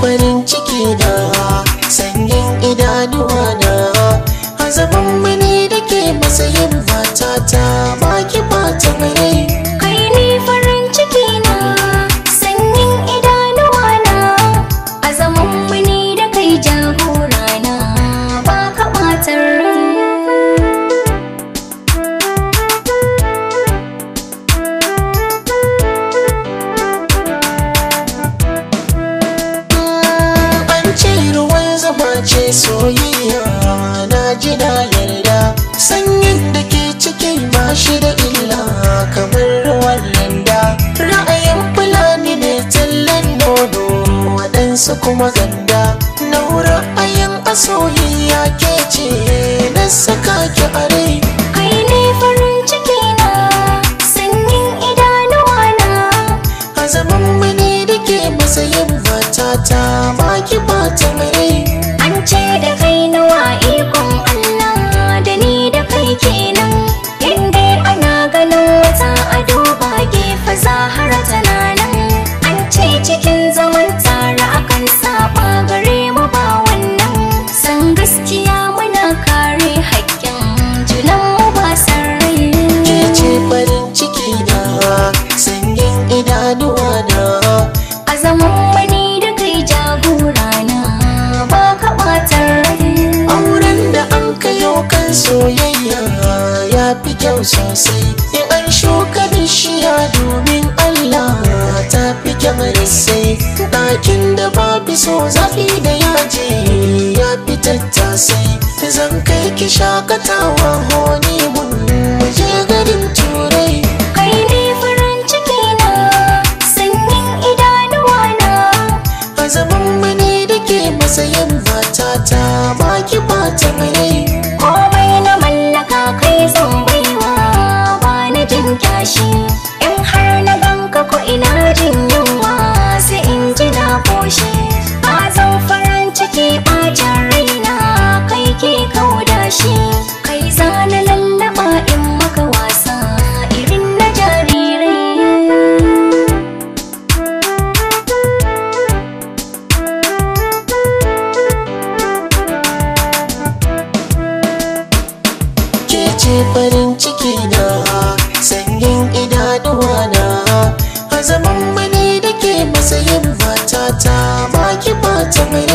farin ciki da sanyin idanuwa na a zaman mani da ke fata matata baki soyayya na ji na yarda sanyin da ke cikin ba shi da illa kamar ruwan landa ra'ayin fulani ne tallan nono waɗansu kuma ganda na ra'ayin a soyayya ke ce na saka ki a rai zaman mani da ke matsayin matata ba ki ba ta mai da kai nawa ikon Allah da ni da kai kenan inda ana ganin wata a duba gefe zahara tana nan an ce cikin zaman tare akan saɓa, gare mu ba wannan san gaskiya muna kare hakkin, junan mu ba san rai ce farin ciki na sanyin idanuwa na Tushen soyayya ya fi kyau sosai In an shuka bishiya domin Allah ta fi kyau sai Ɗakin da babu so zafi da yaji ya fi tattasai Zan kai ki shakatawa honi mun muje garin turai zaman mani da ke matsayin matata baki bata mai ce farin ciki na sanyin idanuwa na a zaman mani da ke matsayin matata ba ki bata mai